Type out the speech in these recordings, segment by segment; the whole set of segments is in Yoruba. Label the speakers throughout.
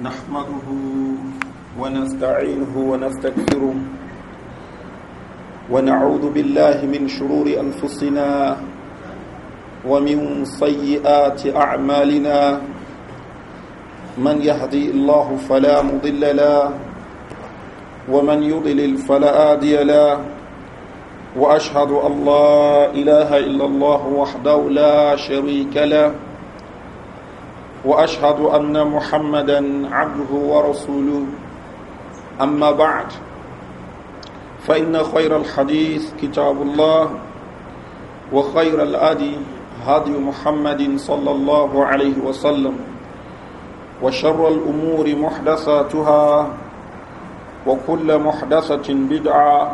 Speaker 1: نحمده ونستعينه ونستكثره ونعوذ بالله من شرور أنفسنا ومن سيئات أعمالنا من يهدي الله فلا مضل له ومن يضلل فلا هادي له وأشهد أن لا إله إلا الله وحده لا شريك له واشهد ان محمدا عبده ورسوله اما بعد فان خير الحديث كتاب الله وخير الادي هدي محمد صلى الله عليه وسلم وشر الامور محدثاتها وكل محدثه بدعه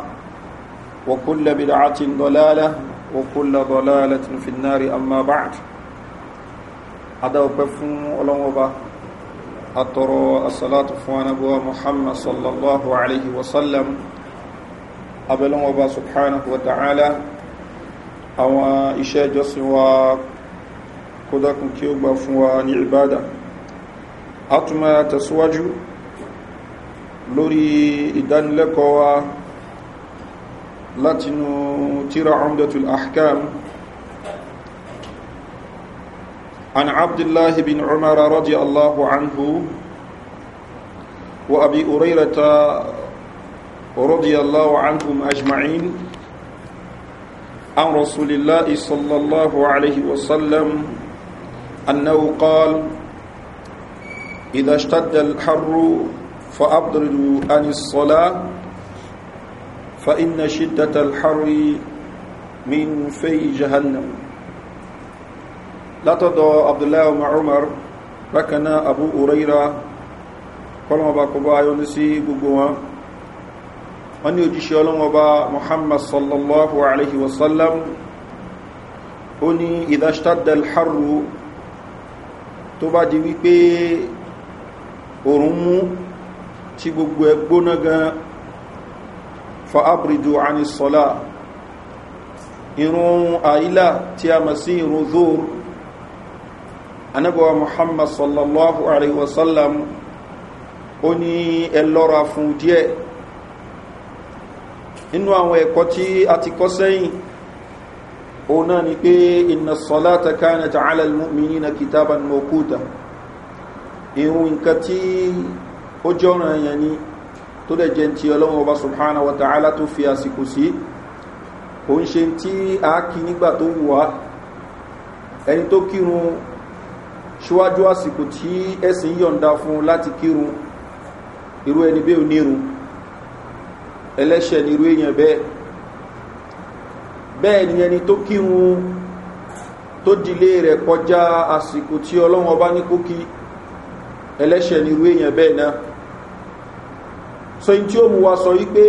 Speaker 1: وكل بدعه ضلاله وكل ضلاله في النار اما بعد adáwọ̀pẹ́ fún ọlọ́wọ́ba àtọrọ asàlátù fún anábúwa muhammad sallallahu alaihi wasallam abẹ́lọ́wọ́ba subhanahu wa ta'ala àwọn iṣẹ́ ìjọsìn wa kódákùn kí ó gbà fún wa ní ìbádà a tún máa tẹ̀síwájú lórí ìdánilẹ́kọ̀ọ́ wa látinú tíra ọmọdétul ahkam عن عبد الله بن عمر رضي الله عنه وأبي هريرة رضي الله عنهم أجمعين عن رسول الله صلى الله عليه وسلم أنه قال إذا اشتد الحر فأبردوا عن الصلاة فإن شدة الحر من في جهنم látọ̀dọ̀ abdullahi umar bákaná abu uraira kọlọmọba kọba ayọ́nú sí gbogbo wọn wọ́n ni òjíṣẹ́ ọlọ́mọba muhammad sallallahu alaihi wasallam ó ní ìdáṣtàdàl harru tó bá di wípé òrùn mú tí gbogbo ẹ gbóná gan fa abridu anisola irun àílà tí a mọ̀ irun zoro anábọ̀wá muhammad sallallahu alaihi wasallam ó ní ẹlọ́ra fún díẹ̀ inú àwọn ẹ̀kọ́ tí a ti kọ́ sẹ́yìn òun náà ni pé iná sọ́látà káyẹ̀ tààlà mìíní na kìtàbà mọ̀kúta ìhun nǹkan tí ó jọ́ràn yẹn ni tó dẹ̀ jẹ́ ti ọlọ́run ọba subhanahu wa ta'ala tó fi àsìkò sí òun ṣe tí a kí nígbà tó wù ẹni tó kírun ṣíwájú àsìkò tí ẹ̀sìn yọ̀nda fún láti kírun irú ẹni bẹ́ẹ̀ onírun ẹlẹ́ṣẹ̀ ni irú èèyàn bẹ́ẹ̀ bẹ́ẹ̀ ni ẹni tó kírun tó dilé rẹ̀ kọjá àsìkò tí ọlọ́run ọba ní kókí ẹlẹ́ṣẹ̀ ni irú èèyàn bẹ́ẹ̀ náà so in tí ó mú wa sọ wípé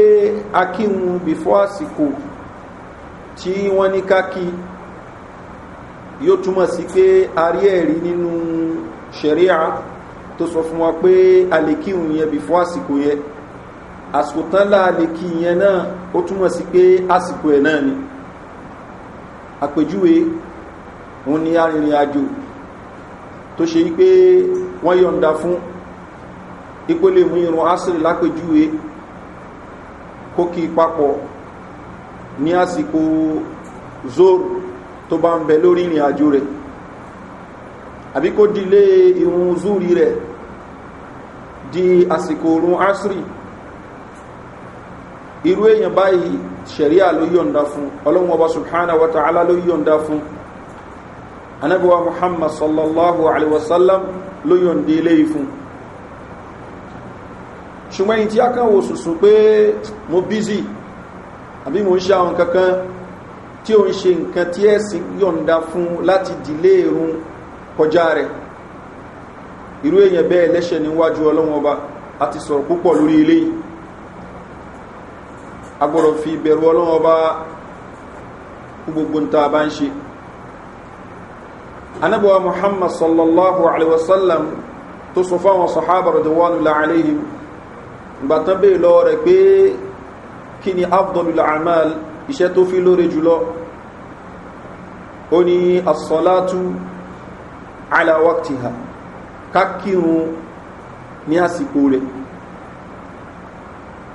Speaker 1: akírun bìfọ́ àsìkò tí wọ́n ní ká yóò túmọ̀ sí pé a rí ẹ̀rí nínú ṣẹ̀ríà tó sọ fún wa pé a lè kí òun yẹn bí fún àsìkò yẹn àsìkò tán là lè kí yẹn náà ó túmọ̀ sí pé àsìkò ẹ̀ náà ni àpèjúwe òun ni arìnrìn àjò tó ṣe wípé wọ́n yọ̀nda fún ipò lè mú irun asìrì lápèjúwe kó kí papọ̀ ní àsìkò zoro tó bá ń bẹ lórí ìrìn àjò rẹ̀ àbí kó dílé ìrun zúrí rẹ̀ di àsìkò orun asiri irú èyàn báyìí ṣẹ̀ríà ló yọ̀nda fún ọlọ́run ọba subhana wa ta'ala ló yọ̀nda fún anábíwa muhammad sallallahu alaihi wasallam ló yọ̀nda ilé ìfún ṣùgbọ́n yìí tí a kan wo sùsùn pé mo bízì àbí mo ń ṣe àwọn kankan tí ó ń ṣe nǹkan tí ẹ̀sìn yọ̀nda fún láti dìlé irun kọjá rẹ̀ irú èyàn bẹ́ẹ̀ lẹ́ṣẹ̀ níwájú ọlọ́wọ́n ọba àti sọ̀rọ̀ púpọ̀ lórí ilé agbọ̀rọ̀ fi ìbẹ̀rù ọlọ́wọ́n ọba gbogbo ta bá ń ṣe anábọ̀wá muhammad sallallahu alaihi wasallam tó sọ fáwọn sọ̀hábà rọ̀dọ̀wọ́nù láàrín ìgbàtán bẹ́ẹ̀ lọ rẹ̀ pé kí ni abdullahi amal iṣẹ́ tó fi lóore jùlọ ó ní asọ́látú aláwáktíhà kákírun ní àsìkò rẹ̀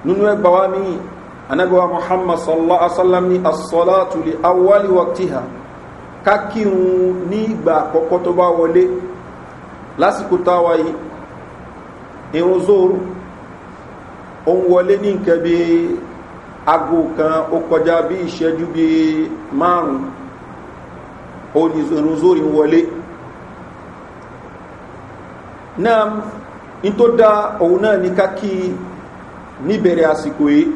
Speaker 1: nínú ẹgbàwá mi anábíwá muhammad sallallahu alaihi wasallam ní asọ́látú lè awọ́lì wáktíhà kákírun ní ìgbà àkọ́kọ́ tó bá wọlé lásìkò táwa yìí irun ó ń wọlé ní nǹkan aago kan ó kọjá bí ìṣẹ́jú bí márùn-ún ó ní irun zórí wọlé náà ní tó dá òun náà ní ká kí níbẹ̀rẹ̀ àsìkò yìí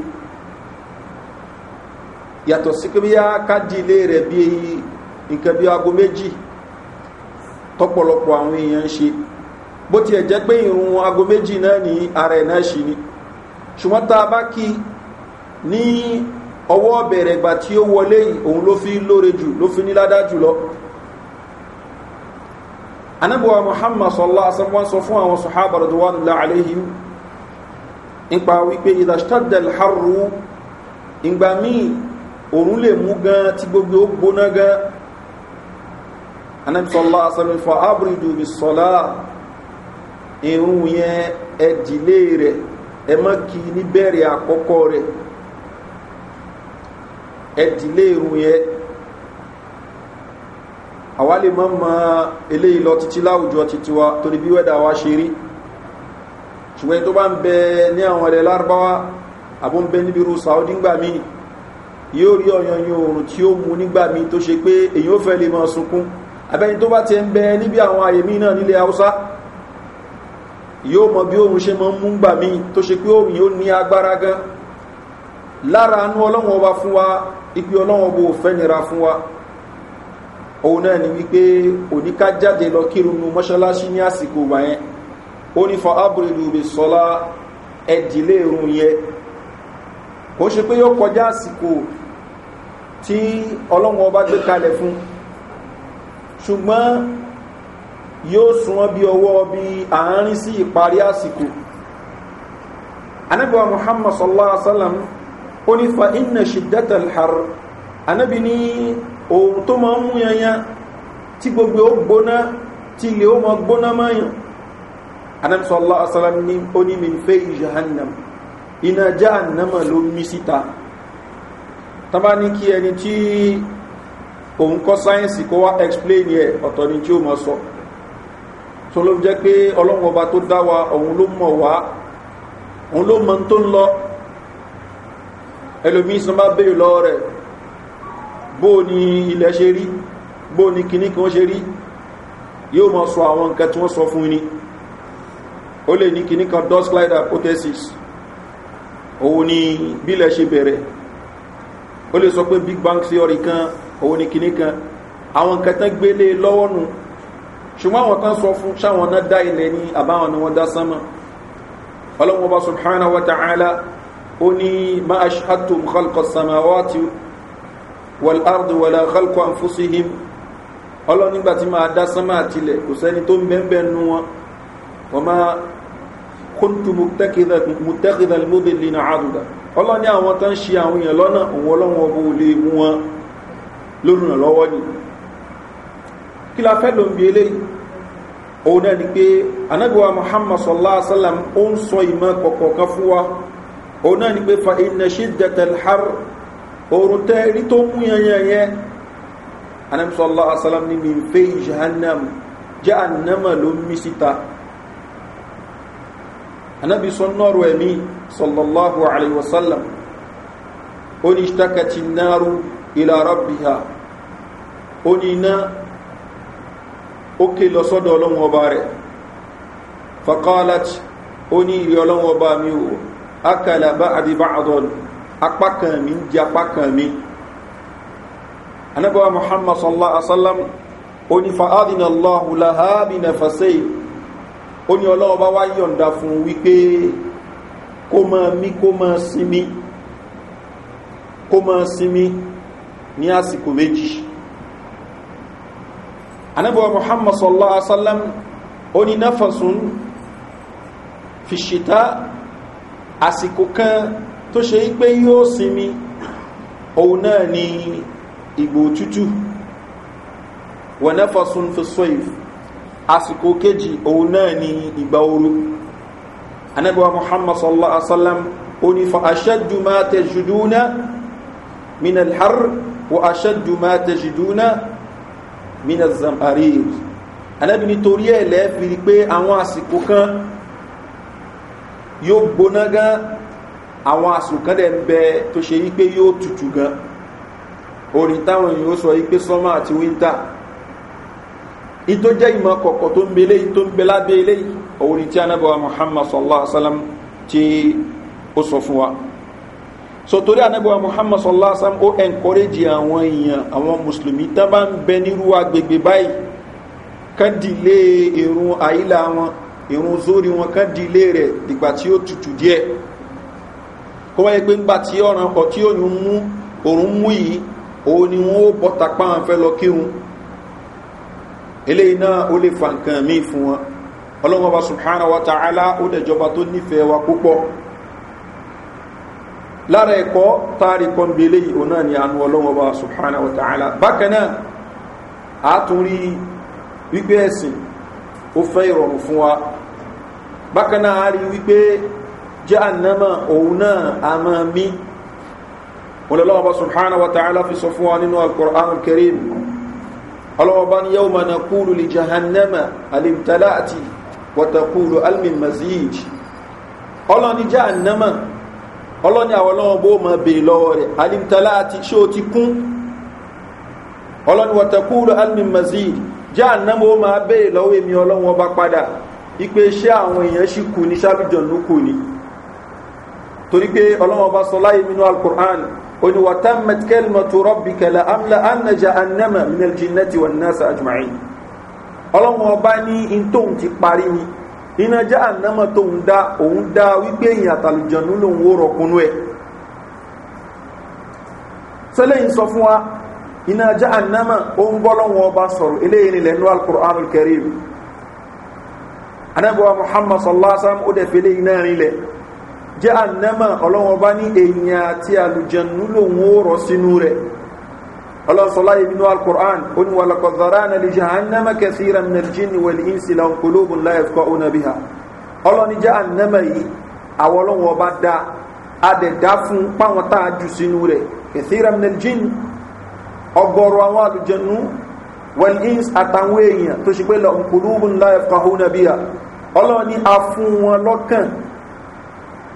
Speaker 1: yàtọ̀ sí pé bíyá kájí ilé rẹ̀ bí nǹkan bí aago méjì tọ́pọ̀lọpọ̀ àwọn èèyàn ń ṣe bó ti jẹ́ pé ìrùn aago méjì náà ní ara ẹ̀ náà ṣì ni ṣùgbọ́n tá a bá kí i ní ọwọ́ bẹ̀rẹ̀ ìgbà tí ó wọlé yìí òun ló fi lóore jù ló fi níládá jùlọ anábọ̀wà muhammad sọlá asánwọ́n sọ fún àwọn sọ̀hábà rọ̀dọ̀wọ́nlá aléhìm nípa wípé ìdàṣtàdàl harru ìgbà míì òun lè mú gan tí gbogbo ó gbóná gan anábì sọlá asánwọ́n fọ ábùrìdù bí sọlá yẹn ẹ̀dìlé rẹ̀ ẹ mọ́ àkọ́kọ́ rẹ̀ ẹ̀dìlé irun yẹn àwa lè mọ́ mọ́ eléyìí lọ títí láwùjọ títí wa torí bí wẹ́dà wa ṣe rí ṣùgbọ́n tó bá ń bẹ ní àwọn ẹ̀rẹ̀ lárúbáwá àbó ń bẹ níbi irú saudi ńgbà mí yóò rí ọ̀yàn oòrùn tí ó mú nígbà mí tó ṣe pé èyí ó fẹ́ lè mọ́ sunkún abẹ́ni tó bá ti ń bẹ níbi àwọn àyèmí náà nílẹ̀ haúsá yóò mọ bí oòrùn ṣe mọ mú gbà mí tó ṣe pé oòrùn yóò ní agbára gan lára anú ọlọ́run ọba fún wa ipi ọlọ́wọ́n bó fẹ́ fún wa òun náà ni wípé oníká jáde lọ kírunú mọ́ṣálásí ní àsìkò wà yẹn ó ní fa ábùrìlù bè sọ́lá ẹ̀dìlé irun yẹ kò ṣe pé yóò kọjá àsìkò tí ọlọ́wọ́n bá gbé kalẹ̀ fún ṣùgbọ́n yóò súnmọ́ bí ọwọ́ bí àárín sí ìparí àsìkò anábíwá muhammad sallallahu alaihi wasallam ó ní fa iná ṣìdátà alhar anábi ní ohun tó ma ń mú yanyan tí gbogbo ó gbóná tí ilé ó ma gbóná máyàn anábi sọ́lá asálám ní ó ní mi fẹ́ ìjahannam iná jahannama ló mí síta tàbá ní kí ẹni tí òun kọ́ sáyẹ́nsì kó wá explain yẹ ọ̀tọ̀ ni tí ó ma sọ tó ló jẹ́ pé ọlọ́run tó dá wa òun ló mọ̀ wá òun ló mọ̀ tó ń lọ ẹlòmí sọ bá bèèrè lọ rẹ̀ bó ní ilẹ̀ ṣe rí bó ní kìíní kan ṣe rí yóò mọ́ sọ àwọn nǹkan tí wọ́n sọ fún ní ó lè ní kìíní kan dust glider prothesis òun ni bílẹ̀ ṣe bẹ̀rẹ̀ ó lè sọ pé big bang theory kan òun ni kìíní kan àwọn nǹkan tán gbélé lọ́wọ́ nù ṣùgbọ́n àwọn tán sọ fún ṣáwọn náà dá ilẹ̀ ní àbáwọn ni wọ́n dá sánmọ́ ọlọ́wọ́n bá subhanahu wa ta'ala ó ní ma aṣáàtùm khalqa samawati wal ardu wala khalqa anfusihim ọlọ́run nígbà tí máa dá sánmà àtilẹ̀ kò sẹ́ni tó ń bẹ́ẹ̀ nu wọn wọ́n máa kóńtù mùtẹ́kìdà lóbìnrin náà àdùdà ọlọ́run ní àwọn tó ń ṣe àwọn èèyàn lọ́nà òun ọlọ́run ọbọ̀ ò lè mú wọn lórùn lọ́wọ́ ni kí la fẹ́ ló ń bi eléyìí òun náà ni pé anábíwá muhammad sallallahu alaihi wa sallam ó ń sọ ìmọ̀ kọ̀ọ̀kan fún wa òun náà ni pé fa iná ṣe dẹ̀tẹ̀lhár oòrùn tẹ́ rí tó mú yẹnyẹnyẹ anamsọ́lá asálám ní mi fẹ́ ìṣẹ́hánàm jẹ́ ànámà ló mí síta anábi sọ́nọ́rọ̀ ẹ̀mí sọ́lọ́láhù àlèwọ̀sálàm ó ní ṣtakàtí náàrù ilá rọ́bìhà ó ní iná ó ké ọlọ́wọ́ ọba rẹ̀ fakọ́lát ó ní ìrì ọlọ́wọ́ ọba mi wò akala ba'di ba'dun apá kan mi ń jẹ apá kan mi anabawa muhammad sallallahu alaihi wasallam oni fa adina allahu laha bi nafasai oni ọlọ́wọ́ bá wá yọ̀nda fún wípé kó mọ́ mí kó mọ́ sinmi kó mọ́ sinmi ní àsìkò méjì anabawa muhammad sallallahu alaihi wasallam oni nafasun fi ṣita àsìkò kan tó ṣe pé yóò sinmi òun náà ni ìgbò tútù wọ̀nẹ́fọ̀sùn fi sọ́ìf àsìkò kejì òun náà ni ìgbà ooru anábíwá muhammad sallallahu alaihi wasallam ó ní fa aṣẹ́jú máa tẹ̀jùdúnà minal har wa aṣẹ́jú máa tẹ̀jùdúnà minal zamarir anábí nítorí ẹ̀ lẹ́ẹ̀fì pé àwọn àsìkò kan yóò gbóná gan àwọn àsùnkán dẹ̀ ń bẹ tó ṣe yí pé yóò tutù gan orin táwọn èèyàn sọ yí pé sọ́mà àti wíńtà ìtó jẹ́ ìmọ̀ kọ̀kọ̀ tó ń belé tó ń tí muhammad sallallahu alaihi tí ó sọ fún wa muhammad sallallahu alaihi ó encourage àwọn èèyàn àwọn musulmi tó bá ń bẹ nírú agbègbè báyìí kádìlé wọn ìrún sórí wọn kán di ilé rẹ̀ dìgbà tí ó tutù díẹ̀ kó wáyé pé ńgbà tí ọ̀ràn kọ tí òyìn mú òrùn mú yìí òun ni wọn ó bọ́ta páwọn fẹ́ lọ kírun eléyìí náà ó lè fa nǹkan míì fún wọn ọlọ́wọ́n bá subhana wa ta'ala ó dẹ̀jọba tó nífẹ̀ẹ́ wa púpọ̀ lára ẹ̀kọ́ táàrí kan bí òun náà ni àánú ọlọ́wọ́n bá subhana wa ta'ala bákan náà àtúnrí wípé ẹ̀sìn ó fẹ́ ìrọ̀rùn fún wa bákan náà a rí wípé jahannama òun náà a máa mí olùlọ́wọ́ bá subhanahu wa ta'ala fi sọ fún wa nínú alkur'an karim ọlọ́wọ́bá ni yau mana kúrò lè jahannama alimtalati wata kúrò almin mazid ọlọ́ni jahannama ọlọ́ni àwọn ọlọ́wọ́ bó ma bèè lọ́wọ́ ipe iṣẹ́ àwọn èèyàn ṣì kú ní sábìjọ ló kù ni torí pé ọlọ́wọ́n bá sọ láyé nínú alukur'an ó ní wàtá mẹtikẹ́lìmọ̀tò rọ́bì kẹlẹ̀ amla anajà anẹ́mà minel jinnati wà nasa ajumain ọlọ́wọ́n bá ní in tóun ti parí ni iná já anẹ́mà tóun dá òun dá wípé èèyàn àtàlùjọ̀nú lòun ó rọ̀kúnú ẹ̀ sẹ́lẹ̀ sọ fún wa iná já ó ń bọ́ sọ̀rọ̀ eléyìí lẹ́nu alukur'an kẹrìí anábọ̀wá muhammad sallallahu alaihi wasallam ó dẹ̀ fẹ́lẹ́ iná rinlẹ̀ jẹ́ ànámà ọlọ́wọ́n bá ní èèyàn àti àlùjẹ̀nú lòun ó rọ̀ sínú rẹ̀ ọlọ́sọ̀lá ìbínú alkùrán ó ní wàlàkọ̀zọ̀rá na lè jahannama kẹsìrà nàìjíríà wẹ̀lì ìsìlá òkúlógún láyẹ̀fọ́ onabiha ọlọ́ni jẹ́ ànámà yìí àwọn ọlọ́wọ́n bá dá adẹ̀dá fún páwọn tá a jù sínú rẹ̀ kẹsìrà nàìjíríà ọgọ́rọ̀ àwọn àlùjẹ̀nú wẹ̀lì ìsìlá àtàwọn èèyàn tó ṣe pé lọ òkúlógún láyẹ̀fọ́ onabiha ọlọ́ni a fún wọn lọ́kàn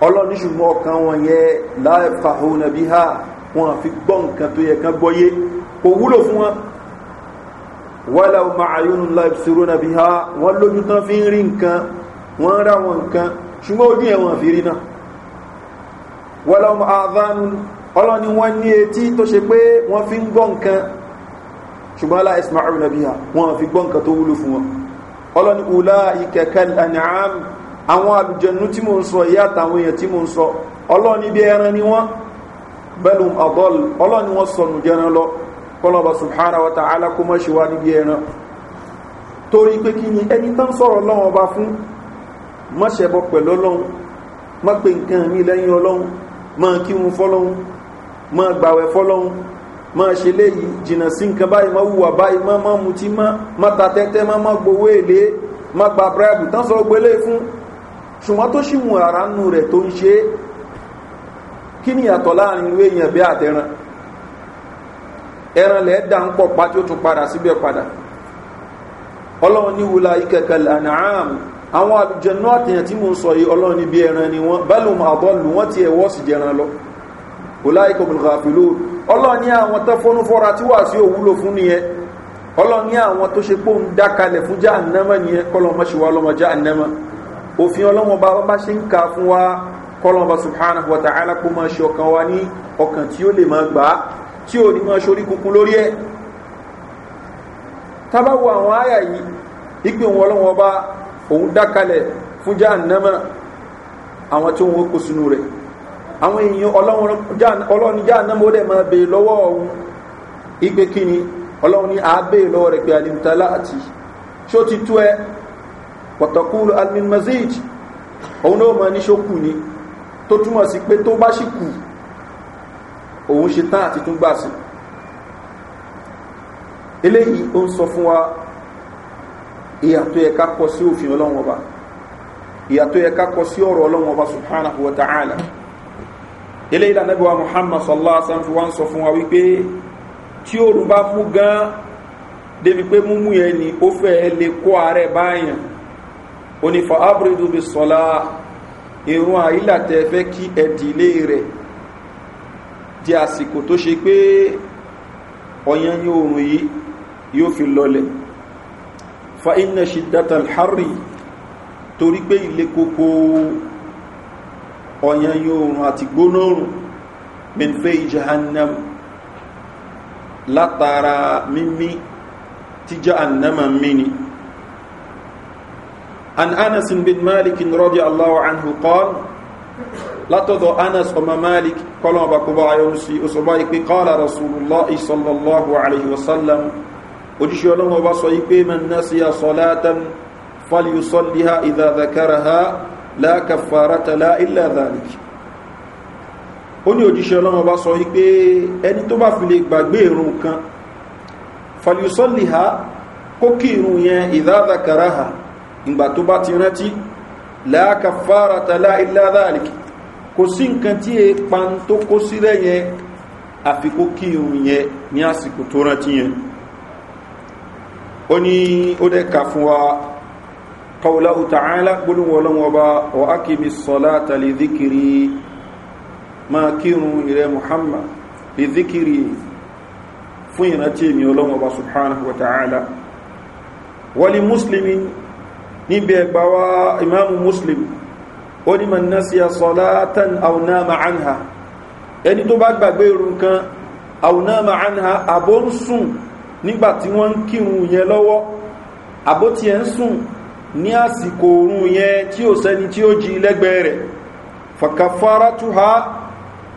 Speaker 1: ọlọ́ni ṣùgbọ́n ọkàn wọn yẹ láìfàhónà bí ha wọn fi gbọ́ nǹkan tó yẹ kán gbọ́yé kò wúlò fún wọn wọ́lá ọmọ àyónú láìsíró nàbí ha wọ́n lójú tán fi ń rí nǹkan wọ́n rá wọn nǹkan ṣùgbọ́n ojú ẹ̀ wọ́n fi rí náà wọ́lá ọmọ àdánù ọlọ́ni wọ́n ní etí tó ṣe pé wọ́n fi ń gbọ́ nǹkan ṣùgbọ́n láìsíró nàbí ha wọ́n fi gbọ́ nǹkan tó wúlò fún wọn ọlọ́ni ula ìkẹ̀kẹ́ àníàm àwọn àlùjẹnu tí mo ń sọ ìyá àtàwọn èèyàn tí mo ń sọ ọlọ́ni bí ẹran ni wọ́n bẹ́lú ọ̀dọ́l ọlọ́ni wọ́n sọnù jẹran lọ kọlọ́bà subhana wa ta'ala kó mọ́ níbi ẹran torí pé kí ni ẹni tán sọ̀rọ̀ lọ́wọ́ ọba fún mọ́ṣẹ̀bọ pẹ̀lú ọlọ́run máa ṣe léyìí jìnnà sí nǹkan báyìí máa wùwà báyìí máa máa mutí máa ta tẹ́tẹ́ máa máa gbowó èlé máa gba bíráìbù tán sọ gbélé fún ṣùgbọ́n tó ṣì wù ara nù rẹ̀ tó ń ṣe é kí ni ìyàtọ̀ láàrin ìwé èèyàn ẹran dà ń pọ̀ pa tí ó tún padà síbẹ̀ padà ọlọ́run ní wula lànàám àwọn àtẹ̀yàn tí sọ yìí ọlọ́run ní bí ẹran ni wọ́n àbọ́lù wọ́n ti ẹ̀wọ́ ọláìkò mìlgàfìlò ọlọ́ni àwọn tó fọ́nú fọ́ra tí wà sí òwúlò fún ni ẹ ọlọ́ni àwọn tó ṣe pò ń dákalẹ̀ fún já ànámọ́ ni ẹ kọlọmọ ṣe wá ọlọ́mọ já ànámọ́ òfin ọlọ́mọ bá bá ṣe ń ka fún wa kọlọmọ subhanahu wa ta'ala kó máa ṣe ọkàn wa ní ọkàn tí ó lè máa gbà á tí ò ní máa ṣorí kunkun lórí ẹ tábàwọ àwọn àyà wọ́n kó sínú rẹ̀ àwọn èèyàn ọlọ́run ní jáà náà dẹ̀ máa bèèrè lọ́wọ́ ọ̀hún igbe kíni ọlọ́run ní àábèèrè lọ́wọ́ rẹ̀ pé alimtala àti ṣó ti tú ẹ pọ̀tọ̀kúrò almin mazid òun náà ní ṣókù ni tó pé tó bá òun ta'ala. eléyìí la nẹ́bí wa muhammad sallallahu alaihi wasallam fi wá ń sọ fún wa wípé tí oòrùn bá mú gan débi pé múmú yẹn ni ó fẹ́ lè kó ààrẹ báyàn onífà ábúrídù bí sọlá irun àìlà fẹ́ kí ẹ̀dìlé rẹ̀ di àsìkò tó ṣe pé ọ̀yàn ní oòrùn yìí yóò fi lọlẹ̀ fa iná ṣe dátà harry torí pé ilé koko ọ̀yàn yóòrùn àti gbónóòrùn minfe jahannam látara mímí tí jahannama mini an anas bin malik rọ́dí allahu anhu kọ́l látọ̀dọ̀ anas ọmọ malik kọ́lọ̀ ọba kó bá ayọ́ sí òṣùbá ìpé kọ́lá rasulullah isallallahu alaihi wasallam láàkàfàrátàlá ilẹ̀ àdáríkì ó ní òjíṣẹ́ ọlọ́run bá sọ wípé ẹni tó bá fi lè gbàgbé ìrùn kan fàlùsọ́lì ha kó kí ìrùn yẹn ìdádàkàrá ha ìgbà tó bá ti rántí láàkàfàrátàlá ilẹ̀ àdáríkì kò sí nǹkan tí e pan tó kó sílẹ̀ yẹn àfikó kí ìrùn yẹn ní àsìkò tó rántí yẹn ó ní ó dẹ́ ka fún wa قوله تعالى قلوا ولم وبا وأكم الصلاة لذكري ما كيروا إلى محمد لذكري فين أتيمي ولم وبا سبحانه وتعالى ولمسلم نبي بوا إمام مسلم ولمن نسي صلاة أو نام عنها ẹni tó bá gbàgbé irun kan àwùnáàmà àníhà àbó ń sùn nígbàtí wọ́n ń kírun yẹn lọ́wọ́ àbó ti ẹ̀ ní àsìkò oorun yẹn tí ó sẹ́ni tí ó jí lẹ́gbẹ̀ẹ́ rẹ̀ fàkàfàrà tó ha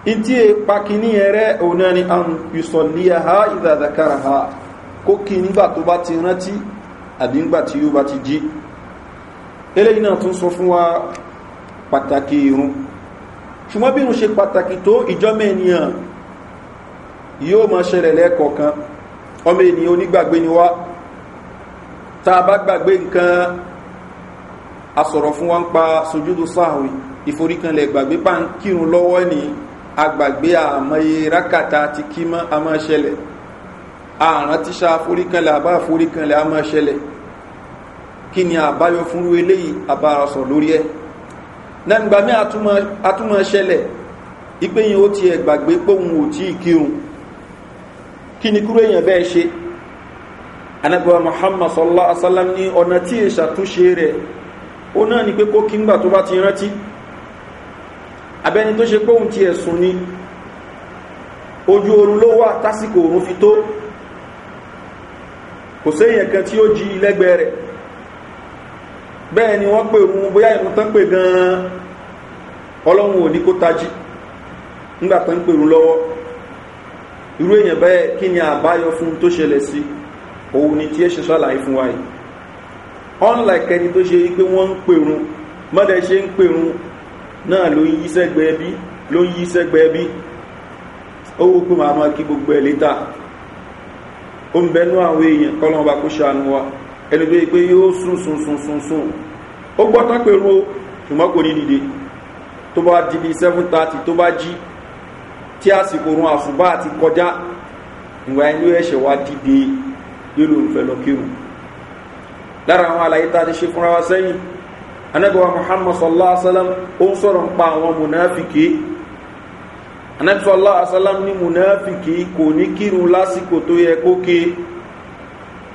Speaker 1: in tí è pa kìíní ẹrẹ́ ọ̀nà ni a ń yùsọ̀lẹ̀ ha ìdàdàkàrà ha kó kí nígbà tó bá ti rántí àbí ńgbà tí ó bá ti jí eléyìí náà tún sọ fún wa pàtàkì irun ṣùgbọ́n bí irun ṣe pàtàkì tó ìjọ́mọ̀ ènìyàn yóò máa ṣẹlẹ̀ lẹ́ẹ̀kọ̀ọ̀kan ọmọ ènìyàn onígbàgbé ni wá tá bá gbàgbé nǹkan a sọ̀rọ̀ fún wa ń pa sojúdo sáàwì ìforíkanlẹ̀ gbàgbé pa ń kírun lọ́wọ́ ní agbàgbé àmọye rákàtà ti kí mọ́ a máa ṣẹlẹ̀ àrùn ti ṣa foríkanlẹ̀ àbá foríkanlẹ̀ a máa ṣẹlẹ̀ kí ni àbáyọ fúnrú eléyìí àbárasọ̀ lórí ẹ̀ náà mí àtúmọ̀ ìpéyìn ó ti ẹ̀gbàgbé póhun ò tí ìkírun kí ni kúrò èèyàn bẹ́ẹ̀ ṣe anagba muhammad sallallahu alaihi wasallam ni ọ̀nà tí ìṣàtúnṣe rẹ̀ ó náà ni pé kó kí ńgbà tó bá ti rántí abẹ́ni tó ṣe ti ẹ̀sùn ni ojú oru ló wà tásìkò oorun fi tó kò séyìn kan tí ó jí lẹ́gbẹ̀ẹ́ rẹ̀ bẹ́ẹ̀ ni wọ́n pè òun bóyá ìrun tán pè gan-an ọlọ́run ò ní kó tají nígbà tán pè òun lọ́wọ́ ni àbáyọ fún tó ṣẹlẹ̀ sí òun ni tí ẹ ṣe unlike ẹni tó ṣe pé wọ́n ń pèrún mọ́dẹ̀ ṣe ń pèrún náà ló ń yí sẹ́gbẹ̀ẹ́ bí ló ń yí sẹ́gbẹ̀ẹ́ bí ó wó pé màá máa kí gbogbo ẹ̀ létà ó ń bẹnú àwọn èèyàn kọ́lọ́mọba kó ṣàánú wa ẹni tó pé yóò ó gbọ́tán pèrún o ṣùgbọ́n kò di 7:30 tó bá jí tí àsìkò orun àsùbá àti kọjá ìwà inú ẹ̀ṣẹ̀ wa dìde lára àwọn àlàyé tá a ti ṣe fúnra wa sẹ́yìn anagbawa muhammad sallallahu alaihi wasallam ó ń sọ̀rọ̀ nípa àwọn munafiki anagbawa sallallahu alaihi wasallam ní munafiki kò ní kírun lásìkò tó yẹ kó ké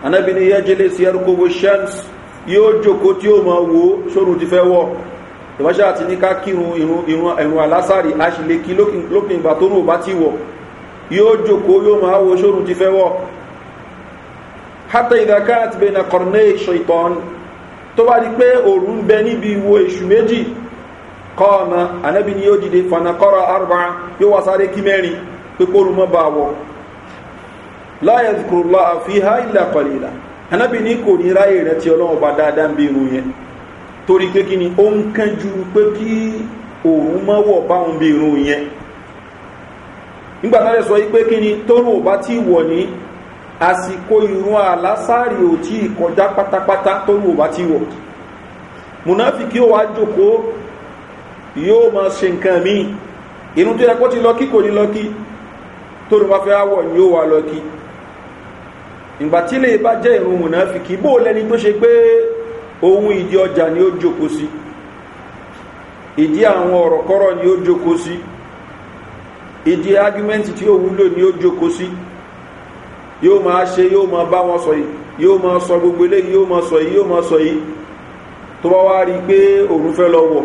Speaker 1: anabi ni yẹjẹlẹ sí ẹrùkọwọ shams yóò jókòó tí ó máa wo sórun ti fẹ́ wọ̀ ìwáṣà àti ní ká kírun ìrun alásàrí aṣìlẹ̀ kí lópin ìgbà tó rùn bá ti wọ̀ yóò jókòó yóò máa wo sórun ti fẹ́ wọ̀ hátà ìdákàrà ti bẹ̀rẹ̀ kọ̀rọ̀nẹ́ ṣètọ́n tó bá di pé òru ń bẹ níbi ìwo èṣù méjì kọ́ọ̀nà anábì ni yóò dìde fanakọ́rọ̀ arba yóò wá sáré kí mẹ́rin pé kóru mọ́ bá wọ láyé kúrò àfihà ilẹ̀ kọ̀lìlà anábì ní kò ní ráyè rẹ ti ọlọ́run bá dáadáa ń bí irun yẹn torí pé kí ni ó ń kánjú pé kí òun mọ́wọ̀ báhun bí irun yẹn nígbàtà lè sọ yí pé kí ni tóòrùn ò bá tí wọ̀ ní àsìkò ìrún àlásàrì ò tí ìkọjá pátápátá tó wò bá ti wọ̀ mùnáfíkí ó wá jókòó yóò ma ṣe nǹkan míì inú tó yẹ kó ti lọ́kí kò ní lọ́kí tó ní wọ́n àwọ̀ ni ó wà lọ́kí ìgbà tí lè bá jẹ́ ìrún mùnáfíkí bó lẹ́ni tó ṣe pé ohun ìdí ọjà ni ó jókòó sí ìdí àwọn ọ̀rọ̀kọ́rọ̀ ni ó jókòó sí ìdí argument tí ó wúlò ni ó jókòó sí yóò máa ṣe yóò máa bá wọn sọ yìí yóò máa sọ gbogbo eléyìí yóò máa sọ yìí yóò máa sọ yìí tó bá wá rí i pé òun fẹ́ lọ wọ̀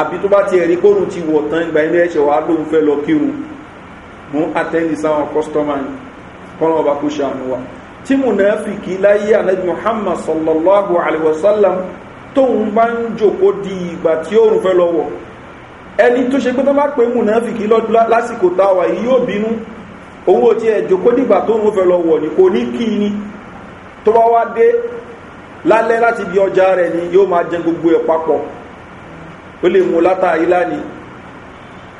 Speaker 1: àbí tó bá ti ẹ̀rí kóòrùn ti wọ̀ tán ìgbà ilé ẹ̀ṣẹ̀ wàá lóun fẹ́ lọ kírun mú àtẹ́ni sáwọn kọ́sítọ́mà ni kọ́nà ọba kò ṣàánú wa tí mùnàfìkì láyé ànábi muhammad sallallahu alayhi wa sallam tóun bá ń jòkó di ìgbà tí òun fẹ́ lọ wọ̀ ẹni tó ṣe pé tó bá pé mùnàfìkì lásìkò táwa yìí yóò bínú owó tí ẹ jòkó dìgbà tó ń fẹ́ lọ wọ̀ ní kò ní kí ni tó bá wá dé lálẹ́ láti bí ọjà rẹ̀ ni yóò máa jẹ gbogbo ẹ̀ papọ̀ ó lè mú látà ilá ni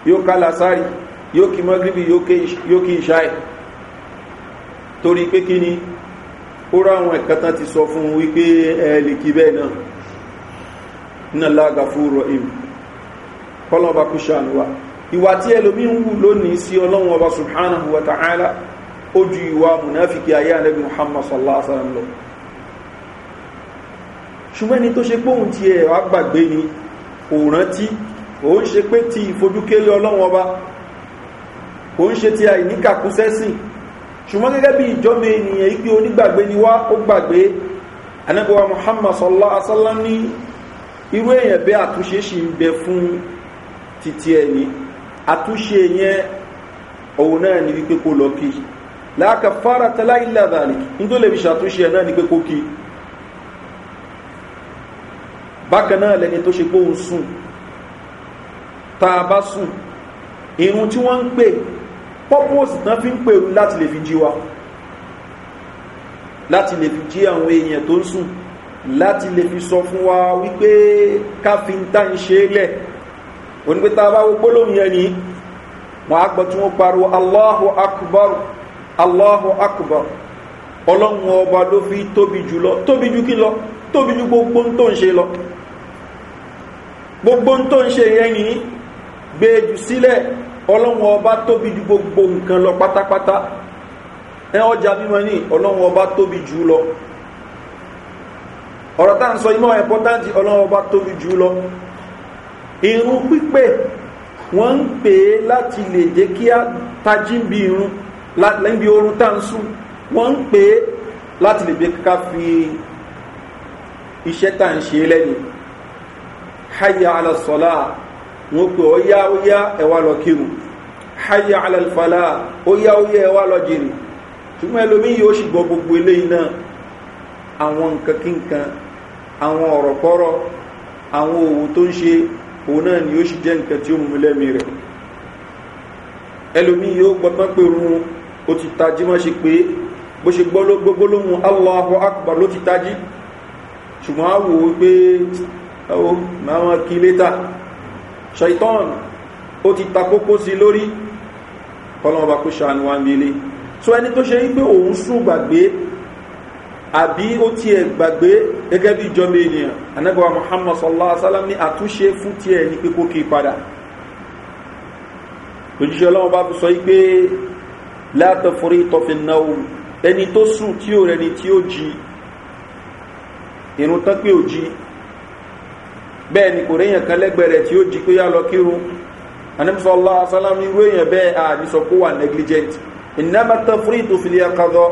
Speaker 1: yóò ká lásárì yóò kí mọ́gíríbì yóò kí ìṣá ẹ̀ torí pé kí ni ó ráwọn ẹ̀kátá ti sọ fún wípé ẹ lè kí bẹ́ẹ̀ náà náà lágàfúrò ìmù kọ́lọ́ba kú ṣàánú wa ìwà tí ẹlòmí ń wù lónìí sí ọlọ́run ọba subhanahu wa ta'ala ó ju ìwà munafiki ayé alẹ́bí muhammad sallallahu alaihi wasallam lọ ṣùgbọ́n ni tó ṣe póhùn ti ẹ̀ wá gbàgbé ni kò rántí ò ń ṣe pé ti ìfojúkéré ọlọ́run ọba ò ń ṣe ti àìníkàkúsẹ́sìn ṣùgbọ́n gẹ́gẹ́ bí ìjọ́mọ ènìyàn ipi onígbàgbé ni wá ó gbàgbé anábíwá muhammad sallallahu alaihi wasallam ní irú èèyàn bẹ́ àtúnṣe ṣì ń bẹ fún titi ẹni àtúnṣe yẹn òun náà ni wípé kó lọ kí láàkà fara tẹ́lá ilẹ̀ àdáni ní tó lè fi ṣàtúnṣe náà ni pé kó kí bákan náà lẹni tó ṣe gbóhun sùn tá a bá sùn irun tí wọ́n ń pè pọ́pọ́sì tán fi ń pè láti lè fi jí wa láti lè fi jí àwọn èèyàn tó ń sùn láti lè fi sọ fún wa wípé káfíńtà ń ṣe é lẹ̀ onígbé tá a bá wo gbólóhùn yẹn ni wọn á gbọ́ tí allahu akbar allahu akbar ọba ló fi lọ tóbi jù kí lọ gbogbo se lọ gbogbo ń tó ń ṣe yẹn yìí gbé jù sílẹ̀ ọba gbogbo nǹkan lọ pátápátá ẹ ọjà mímọ ní ọba tóbi lọ ọ̀rọ̀ tá ń sọ lọ irun pípẹ́ wọ́n ń pè é láti lè jẹ́ kí á tají bí irun lẹ́bí orun tá ń sùn wọ́n ń pè é láti lè jẹ́ ká fi iṣẹ́ tá ń ṣe lẹ́yìn hayya ala sọ́lá wọ́n pè ó yá ó yá ẹ̀wà lọ kírun hayya ala fàlá ó yá ó yá ẹ̀wà lọ jìrì ṣùgbọ́n ẹlòmíyàn yóò ṣì gbọ́ gbogbo eléyìí náà àwọn nǹkan kí nǹkan àwọn ọ̀rọ̀kọ́rọ̀ àwọn òwò tó ń ṣe òun náà ni ó sì jẹ́ nǹkan tí ó mú lẹ́mí rẹ̀ ẹlòmí yóò gbọ́gbọ́n pé run ó ti tají má ṣe pé bó ṣe gbogbo lóhun allahu akbar ló ti tají ṣùgbọ́n á wò wípé ó máa wọn kí létà ó ti ta kókó sí lórí kọlọ́mọba kó ṣàánú wa nílé so àbí ó tiẹ̀ gbàgbé gẹ́gẹ́ bí ìjọba ènìyàn anábíwá muhammad sallallahu alaihi wasallam ní àtúnṣe fún tiẹ̀ ní pé kó kí padà òjíṣẹ́ ọlọ́run bá fi sọ pé látọ̀fọ́rí tọ́fin náà ẹni tó sùn tí ó rẹni tí ó jí irun tán pé ó jí bẹ́ẹ̀ ni kò réyàn kan lẹ́gbẹ̀ẹ́ rẹ̀ tí ó jí pé yá lọ kírun anábísọ́lá sálámi wéyàn bẹ́ẹ̀ àdìsọ́kó wà negligent ìnábàtọ̀fọ́rí tó fi lè kàdọ́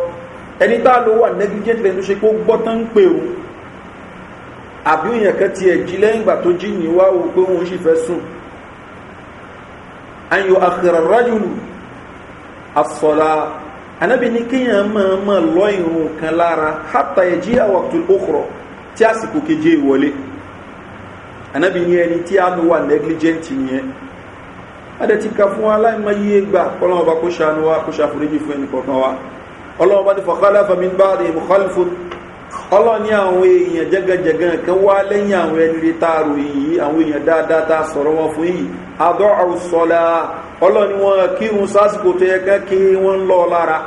Speaker 1: ẹni tá ló wà negligent lẹ́nu ṣe kó gbọ́ tán ń pè òun àbí òyìn kan ti ẹ̀jí lẹ́yìn ìgbà tó jí ní wá o pé òun sì fẹ́ sùn ayò àkàrà rájùlù àsọ̀lá anábì ní kéèyàn máa mọ̀ lọ ìrùn kan lára hátà ẹ̀jí àwàtò òkùrọ̀ tí àsìkò keje ìwọlé anábì ní ẹni tí a ló wà negligent nìyẹn adẹ̀ ti ka fún aláìmọye gbà kọ́lọ́mọba kó ṣàánú wa kó ṣàforíjì fún ẹnì kọ̀ọ̀kan wa ọlọ́run bá ní fọ̀kálá famin bá rí mọ̀kálífò ọlọ́run ní àwọn èèyàn jẹ́gàjẹ̀gàn kan wá lẹ́yìn àwọn ẹni rí taarò yìí àwọn èèyàn dáadáa tá a sọ̀rọ̀ wọn fún yìí adọ́ àrùsọ̀lá ọlọ́run wọn kírun sásìkò tó yẹ ká kí wọ́n ń lọ lára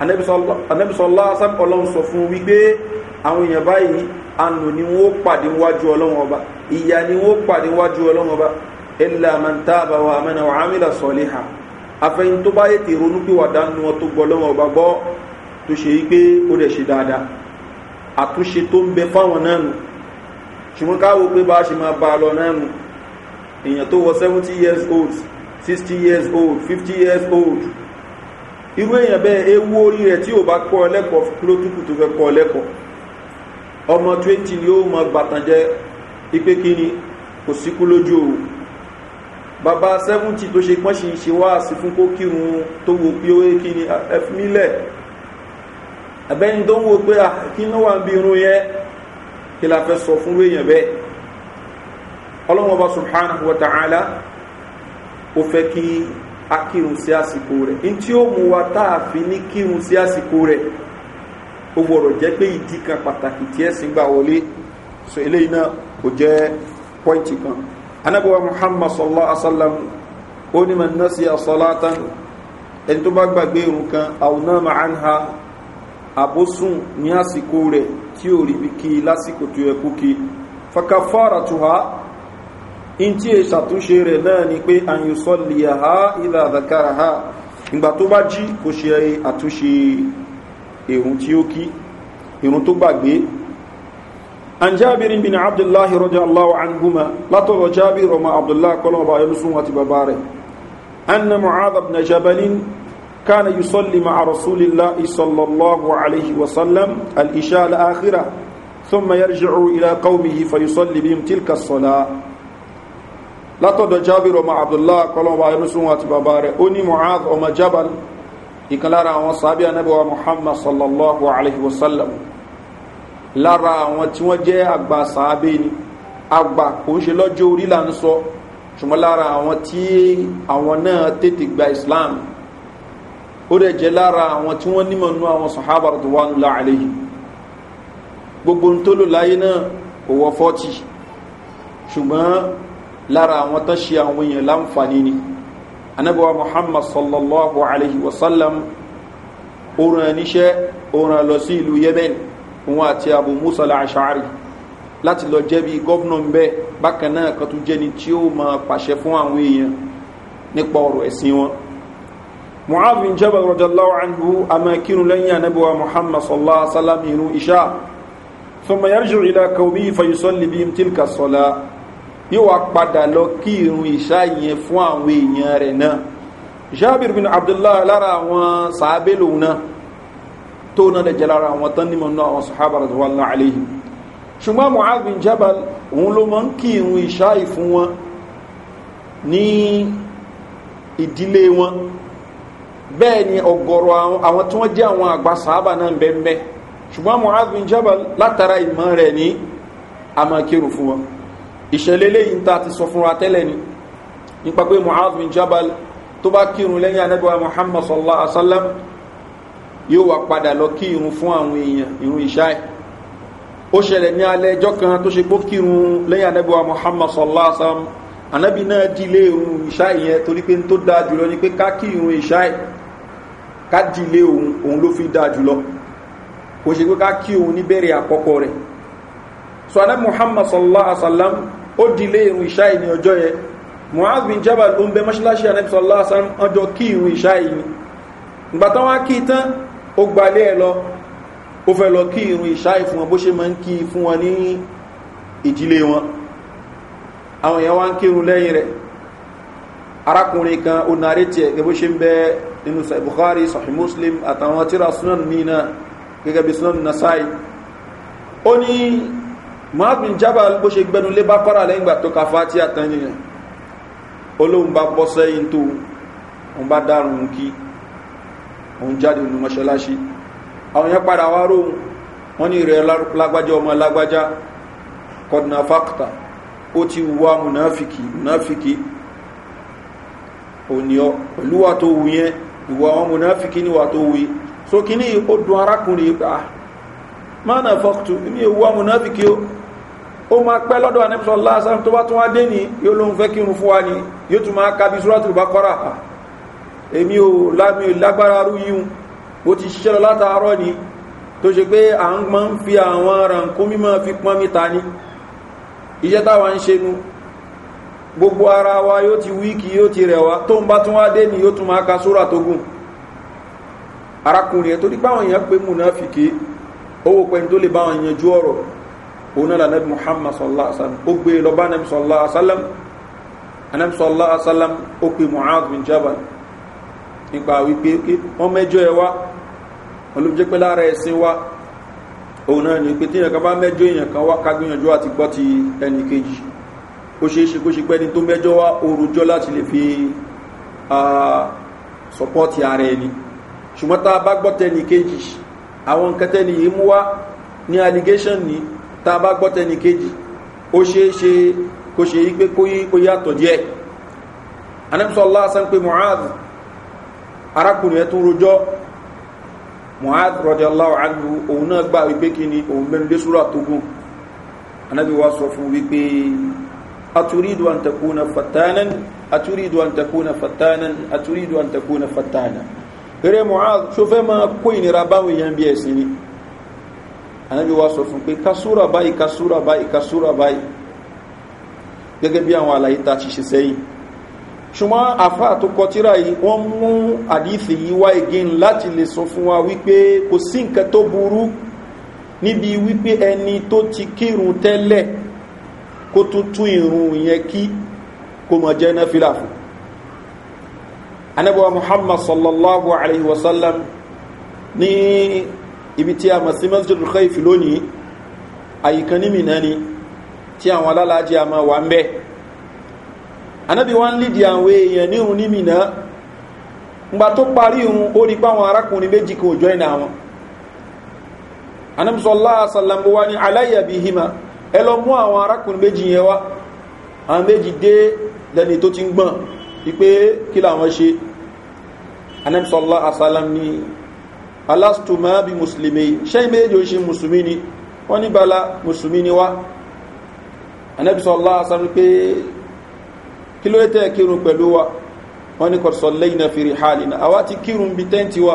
Speaker 1: anẹ́bísọ́lá sáp ọlọ́run sọ fún wípé àwọn èèyàn báyìí àánú ni wọ́n pàdé wájú ọlọ́run ọba ìyà ni wọ́n pàdé wájú ọlọ́run ọba ẹ̀là àmàntàbà wa àmàna wa àmìlà sọ̀lé ha afẹ́yìn tó bá yẹ ti ronú pé wà dánú wọn tó gbọ́ ọlọ́run ọba gbọ́ tó ṣe wípé ó dẹ̀ ṣe dáadáa àtúnṣe tó ń bẹ fáwọn náà nù ṣùgbọ́n káwò pé bá ṣe máa bá lọ náà nù èèyàn tó wọ 70 years old 60 years old 50 years old irú èèyàn bẹ́ẹ̀ ewu orí rẹ̀ tí ò bá kọ́ ẹlẹ́kọ̀ọ́ lótúkù tó fẹ́ kọ́ ẹlẹ́kọ̀ọ́ ọmọ 20 ni ó mọ gbàtànjẹ́ ipé kíni kò síkú lójú òru bàbá 70 tó ṣe pọ́n ṣe ń ṣe wá sí fún kó kírun tó wo pé ó kíni ah, ẹfúnilẹ̀ ẹ̀bẹ́ni tó ń wo pé ah, kí ló wà ń bi irun yẹn kí la fẹ́ sọ fún èèyàn bẹ́ẹ̀ ọlọ́wọ́n bá subhanahu wa ta'ala ó fẹ́ kí a kírun sí àsìkò rẹ̀ ní tí ó mú wa tá a fi ní kírun sí àsìkò rẹ̀ ó gbọ́dọ̀ jẹ́ pé ìdí kan pàtàkì tí ẹ̀sìn gbà wọlé so eléyìí náà kò jẹ́ pọ́ìntì kan anábọ̀wá muhammad sallallahu alaihi wa sallam ó ní màá ná sí asọ́látán ẹni tó bá gbàgbé irun kan àwọn náà máa ń ha àbósùn ní àsìkò rẹ̀ tí ò rí bí kí lásìkò tó yẹ kó kí fakafara tó ha in tí è ṣàtúnṣe rẹ̀ náà ni pé àyùsọ́lìyà ha ìlà àdàkára ha ìgbà tó bá jí kò ṣe àtúnṣe èrùn tí ó kí èrùn tó gbàgbé an jabirin bin abdullahi rọjá allahu an guma látọ̀rọ̀ jabir ọmọ abdullahi kọlọ̀ọ̀bá yẹlusun àti كان يصلي مع رسول الله صلى الله عليه وسلم الإشاء الآخرة ثم يرجع إلى قومه فيصلي بهم تلك الصلاة látọ̀dọ̀ jábìrì ọmọ abdullá kọlọ̀wà ayọ́lúsùn àti bàbá rẹ̀ ó ní mohad ọmọ jabal ìkan lára àwọn sàábí anábíwa muhammad sallallahu alaihi wasallam lára àwọn tí wọ́n jẹ́ àgbà sàábé ni àgbà kò ń ṣe lọ́jọ́ orí là ń sọ ṣùgbọ́n lára àwọn tí àwọn náà tètè gba islam ó dẹ̀ jẹ́ lára àwọn tí wọ́n ṣùgbọ́n lára àwọn tó ṣe àwọn èèyàn láǹfààní ni anábíwá muhammad sallallahu alayhi wa sallam orin aníṣẹ́ orin lọ sí ìlú yemen wọn àti abu musa al-ashari láti lọ jẹ́ bí gọ́vnọ̀ ń bẹ́ bákan náà kan tó jẹ́ni tí ó máa pàṣẹ fún àwọn èèyàn nípa ọ̀rọ̀ ẹ̀sìn wọn muhammed jabal rajallahu anhu amakinu lẹ́yìn anábíwá muhammad sallallahu alayhi wa sallam isha ثم يرجع إلى قومه فيصلي بهم تلك الصلاة yíwa padà lọ kí irun ìṣá yẹn fún àwọn èèyàn rẹ̀ náà jabir bin abdullahi lára àwọn sàábé lòun náà tó náà lè jẹ́ lára àwọn tán nímọ̀ náà àwọn sàhábà rẹ̀ wà láàlẹ́yìn ṣùgbọ́n mu'az bin jabal òun ló mọ́ ń kí irun ìṣá yìí fún wọn ní ìdílé wọn bẹ́ẹ̀ ni ọgọ̀rọ̀ àwọn tí wọ́n jẹ́ àwọn àgbà sàábà náà bẹ́ẹ̀ ṣùgbọ́n mu'az bin jabal látara ìmọ̀ rẹ̀ ní àmàkírù fún wọn ìṣẹ̀lẹ̀ lẹ́yìn tá ti sọ fún wa tẹ́lẹ̀ ni nípa pé mu'adh bin jabal tó bá kírun lẹ́yìn anábíwá muhammad sallallahu alaihi wasallam yóò wá padà lọ kí irun fún àwọn èèyàn irun ìṣáì ó ṣẹlẹ̀ ní alẹ́ ẹjọ́ kan tó ṣe pó kírun lẹ́yìn anábíwá muhammad sallallahu alaihi wasallam anábí náà dílé irun ìṣáì yẹn torí pé tó dáa jùlọ ni ó dilé irun ìṣá yìí ní ọjọ́ yẹn muaz bin jabal ló ń bẹ mọ́ṣáláṣí anabi sallallahu alaihi wasallam ọjọ́ kí irun ìṣá yìí ni ìgbà tán wá kí tán ó gbalé ẹ lọ ó fẹ́ lọ kí irun ìṣá yìí wọn bó ṣe máa ń kí fún wọn ní ìdílé wọn àwọn èèyàn wá ń kírun lẹ́yìn rẹ̀ muslim àtàwọn tíra sunan gẹ́gẹ́ mọ́bìn jábà bó ṣe gbẹnu lé bá kọ́ra lẹ́yìn ìgbà tó ka fàtí àtàyìn olóhun bá bọ́ sẹ́yìn tó òun bá dárùn kí òun jáde nù mọ́ṣáláṣí àwọn yẹn padà wá róhun wọ́n ní rẹ̀ lágbájá ọmọ lágbájá kọ́dùnà fákítà ó ti wá mùnáfìkì mùnáfìkì òníọ́ pẹ̀lú wà tó wù yẹn ìwà àwọn mùnáfìkì ni wà tó wù so kí ní ó dùn arákùnrin pé ah mọ́nà fọ́kùtù ní ewu àmùnáfìkì ó máa pẹ́ lọ́dọ̀ anẹ́bùsọ̀ lásán tó bá tún wá dé ní yóò ló ń fẹ́ kírun fún wa ni yóò tún máa kábi súrátù bá kọ́rà pa èmi ò lámi lágbára rú yíhun ó ti ṣiṣẹ́ lọ látàárọ̀ ni tó ṣe pé à ń máa ń fi àwọn rànkúnmí máa fi pọ́n mi ta iṣẹ́ táwa ń ṣe nu gbogbo ara wa yóò ti wíìkì yóò ti rẹ̀ wa tó ń bá tún wá ní yóò tún máa ka súrà tó gùn arákùnrin ẹ̀ tó dípáwọn èèyàn pé múnà fìkì owó pẹ̀lú tó lè báwọn yanjú ọ̀rọ̀ òun náà lànà muhammad sallallahu alaihi wa sallam ó gbé lọ́ba anabi sallallahu alaihi wa sallam anabi sallallahu alaihi wa sallam ó pe mu'ad bin jabal nípa wípé wọ́n mẹ́jọ ẹ wá olùjẹ́ pé lára ẹ̀sìn wá òun náà ni pé tí ìyànkan bá mẹ́jọ èèyàn kan wá kágbìyànjú àti gbọ́ ti ẹnì kejì ó ṣe é ṣe kó ṣe pẹ́ni tó mẹ́jọ wá orùjọ́ láti lè fi sọpọ́tì ara ẹni ṣùgbọ́n tá a bá gbọ́ tẹnì kejì àwọn kẹtẹ́ni yìí mú wá ní allegation ni tá a bá gbọ́ tẹni kejì ó ṣeé ṣe kó ṣe yí pé kó yàtọ̀ díẹ̀ anamsọ lásán pé mu'adh arákùnrin ẹ̀ tún rojọ́ mu'adh rọ̀díọ̀láwà ánú òun náà gbà wípé kí ni òun mẹ́rin dé súrà tó gùn anábí wa sọ fún wípé atúrídù àǹtakúnà fatanan atúrídù àǹtakúnà fatanan atúrídù ànábi wa sọ fún pé kásúrà báyìí kásúrà báyìí kásúrà báyìí gẹ́gẹ́ bí àwọn àlàyé ta ti ṣe sẹ́yìn ṣùgbọ́n àfáà tó kọtíra yìí wọ́n mú àdífì yìí wá again láti lè sọ fún wa wípé kò sí nǹkan tó burú níbi wípé ẹni tó ti kírun tẹ́lẹ̀ kó tún tún ìrùn yẹn kí kò mọ̀ jẹ́ náà fún anábọ̀wá muhammad sallallahu alaihi wasallam ní ibi tí a mọ̀ sí masjid al-khayf lónìí àyíkan ní mìíràn ni tí àwọn alálàájì a máa wà ń bẹ́ anábì wọ́n lìdí àwọn èèyàn ní òun ní mìíràn ngbà tó parí òun ó rí páwọn arákùnrin méjì kan òjò ìnà wọn anábì sọlá àsàlàmbó wa ní aláyàbí hima ẹ lọ mú àwọn arákùnrin méjì yẹn wá àwọn méjì dé lẹni tó ti ń gbọ́n wípé kí làwọn ṣe anábì sọlá àsàlàm ní alastuma bi musulmi ṣẹ́yìn méjì ó ṣe musulmi ni wọ́n ní bala musulmi ni wá anábìsọ̀ allah sáré pé kí ló tẹ́ kírun pẹ̀lú wa wọ́n ní kọ̀sọ̀ lẹ́yìn na fìrí hali na àwá ti kírun bí tẹ́ntì wa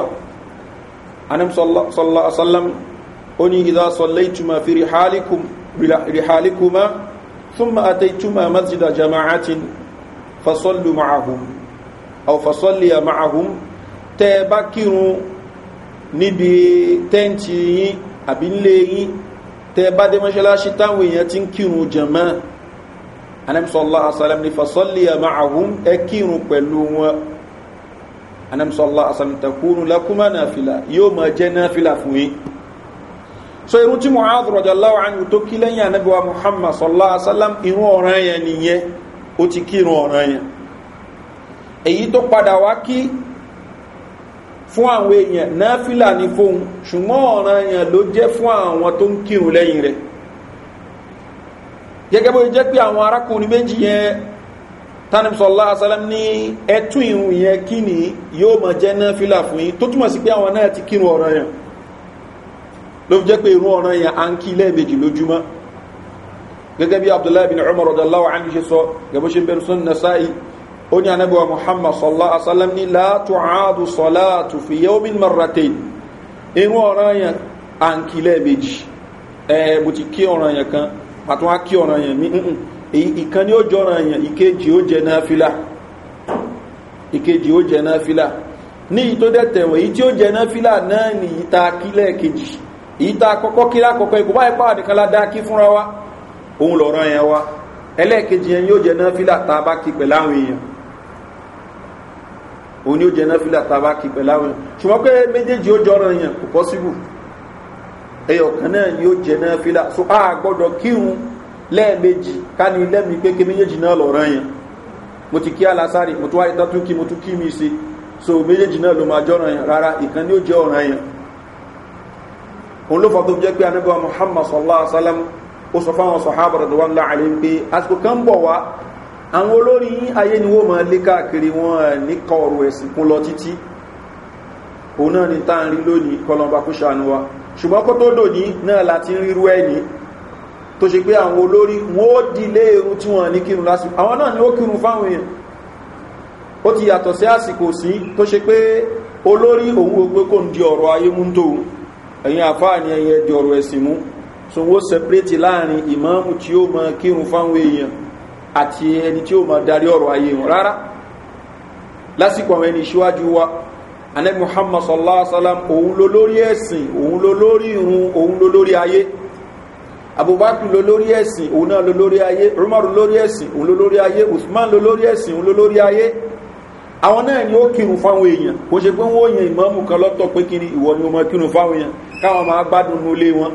Speaker 1: anábìsọ̀lọ́sọ́lọ́m ó ní ìdá sọ̀lẹ́ ìtumà fìrí halikuma ثم أتيتما مسجد جماعة فصلوا معهم أو فصلي معهم تبكروا níbi tẹ́ǹtì yín àbí nílé yín tẹ bá dé mọ́ṣáláṣí táwọn èèyàn ti ń kírun jẹ̀mọ́ anamsọ́lá asálàm ní fasọ́lì àmà àhún ẹ kírun pẹ̀lú wọn anamsọ́lá asálàm takúrú lákúmá náà fìlà yóò máa jẹ́ náà fìlà fún yín so irun tí muhammad rọ̀jọ̀láwà ánìyàn tó kí lẹ́yìn anábíwá muhammad sọ́lá asálàm irun ọ̀ràn yẹn nìyẹn ó ti kírun ọ̀ràn fún àwọn èèyàn náfìlà ní fóun ṣùgbọ́n ọ̀ràn èèyàn ló jẹ́ fún àwọn tó ń kírun lẹ́yìn rẹ̀ gẹ́gẹ́ bó jẹ́ pé àwọn arákùnrin méjì yẹn tánimsọ́lá asálám ní ẹtún ìhun yẹn kí ni yóò mọ̀ jẹ́ náfìlà fún yín tó túmọ̀ sí pé àwọn náà ti kírun ọ̀ràn yẹn ló jẹ́ pé irun ọ̀ràn yẹn à ń kí lẹ́ẹ̀mejì lójúmọ́ gẹ́gẹ́ bí abdullahi bin umar radallahu anhu ṣe sọ gẹ́gẹ́ bó ṣe bẹ̀rù sọ́nù nasa'i ó ní anábíwa muhammad sallallahu alaihi wasallam ní látò àádù sọ́látù fi yẹ́ omi marratain inú ọ̀ràn yẹn à ń kí lẹ́ẹ̀mejì ẹ̀ bó ti kí ọ̀ràn yẹn kan àtún á kí ọ̀ràn yẹn mi ìkan ni ó jọ ọ̀ràn yẹn ìkejì ó jẹ náà fìlà ìkejì ó jẹ náà fìlà ní ìtó dẹ̀tẹ̀wọ̀n èyí tí ó jẹ náà fìlà náà ní ìta kílẹ̀ kejì ìta kọ́kọ́ kílá kọ́kọ́ ikú báyìí pàwà nìkan lá dáa kí fúnra wa òun lọ̀rọ̀ wa ẹlẹ́ẹ̀kejì yẹn yóò jẹ náà fìlà tá a bá kí pẹ̀láwọn òun ni ó jẹ náfìlà tàbá kí pẹ̀lú àwọn ṣùgbọ́n pé méjèèjì ó jọ ọ̀ràn yẹn kò pọ́síbù ẹyọ kan náà ni ó jẹ náfìlà so a gbọ́dọ̀ kírun lẹ́ẹ̀mejì ká ní lẹ́mìí pé kí méjèèjì náà lọ̀ràn yẹn mo ti kí alásárì mo tún wáyé tó tún kí mo tún kí mi sí so méjèèjì náà ló máa jọ́ràn yẹn rárá ìkan ni ó jẹ́ ọ̀ràn yẹn òun ló fọ́ tó jẹ́ pé anábíwá muhammad sallallahu alaihi wasallam ó sọ fáwọn sọ̀hábàrà tó wà ńlá àlẹ́ pé àsìkò kan bọ̀ wá àwọn olórí ayé ni wọ́n máa lé káàkiri wọn ní kọrù ẹ̀sìn kún lọ títí òun náà ni tá ń rí lónìí kọlọmbà kó ṣàánú wa ṣùgbọ́n kó tó dòní náà láti rírú ẹni tó ṣe pé àwọn olórí wọ́n ó di ilé irun tí wọ́n ní kírun lásìkò àwọn náà ni ó kírun fáwọn èèyàn ó ti yàtọ̀ kírun fáwọn èèyàn àti ẹni tí ó ma darí ọ̀rọ̀ ayé wọn rárá lásìkò àwọn ẹni ìṣíwájú wa anẹ́ muhammad sallallahu alaihi wasallam òun ló lórí ẹ̀sìn òun ló lórí irun òun ló lórí ayé abubakar ló lórí ẹ̀sìn òun náà ló lórí ayé umar lórí ẹ̀sìn òun ló lórí ayé usman ló lórí ẹ̀sìn òun ló lórí ayé àwọn náà ni ó kírun fáwọn èèyàn kò ṣe pé wọ́n yẹn ìmọ̀mù kan lọ́tọ̀ pé kiri ìwọ ni ó mọ kírun fáwọn èèyàn káwọn máa gbádùn nulé wọn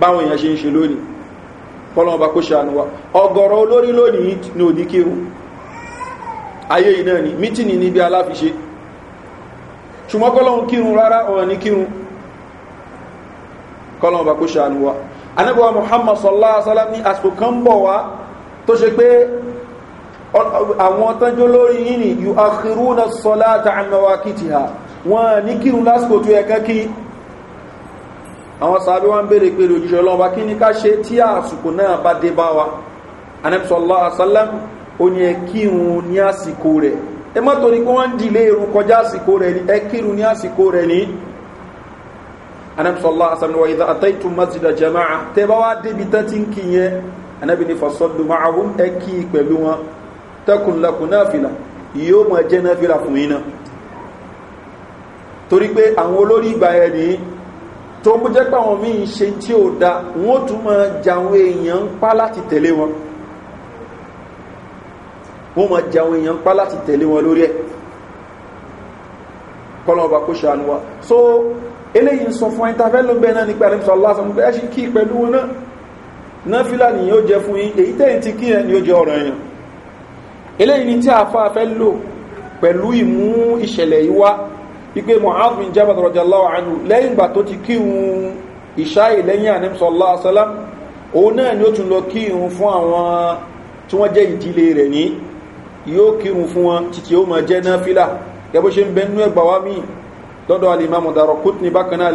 Speaker 1: báwọn èèyàn ṣe ń ṣe lónìí kọ́lọ́wọ́n bá kó ṣàánú wa ọgọ̀rọ̀ olórí lónìí ní òdí kéwú ayé yìí náà ni mítìnì níbi aláfiṣe ṣùgbọ́n kọ́lọ́wọ́n kírun rárá ọ̀rọ̀ ní kírun kọ́lọ́wọ́n bá kó ṣàánú wa anábíwá muhammad sallallahu alaihi wasallam ni yóò àkírú na sọlá ta àmàwà kìtìhà wọn ní kírun lásìkò tó yẹ kan àwọn sàbí wọ́n bèèrè pé òjíṣẹ́ ọlọ́run bá kí ní ká ṣe tí àsìkò náà bá dé bá wa anẹ́bùsọ̀lá àsálẹ́m ó ní ẹ kírun ní àsìkò rẹ̀ ẹ má torí pé wọ́n dìlé irun kọjá àsìkò rẹ̀ ní ẹ ní àsìkò rẹ̀ ní anẹ́bùsọ̀lá àsálẹ́m wà jama'a tẹ́ bá wá débi tẹ́ ti ń kí yẹn anẹ́bì ní fasọ́dù máàrún ẹ kí pẹ̀lú wọn tẹ́kùnlẹ̀kùn tó mú jẹ́ pé àwọn míì ṣe tí ó da wọ́n tún máa jàwọn èèyàn ń pa láti tẹ̀lé wọn wọ́n máa jàwọn èèyàn ń pa láti tẹ̀lé wọn lórí ẹ̀ kọ́lọ̀ọba kó ṣàánú wa so eléyìn sọ fún ìtafẹ́ ló ń bẹ́ náà nípa ẹ̀rẹ́mìsọ aláàsán pé ẹ́ṣì kí pẹ̀lú wọn náà náà fílà ní yóò jẹ fún yí èyí tẹ́yìn ti kí ẹ ni ó jẹ ọ̀rọ̀ èèyàn eléyìn tí àfáà fẹ́ lò pẹ̀lú ìmú ìṣẹ̀lẹ̀ yìí wá wípé mohamed bin jabal rọjàláwà ánú lẹ́yìn ìgbà tó ti kírun ìṣáì lẹ́yìn ànímsọ̀lá asálám òun náà ni ó tún lọ kírun fún àwọn tí wọ́n jẹ́ ìdílé rẹ̀ ní yóò kírun fún wọn títí ó mọ̀ jẹ́ náà fílà gẹ́bó ṣe ń bẹ nú ẹgbà wá míì lọ́dọ̀ alìmọ́mù dàrọ̀ kút bákan náà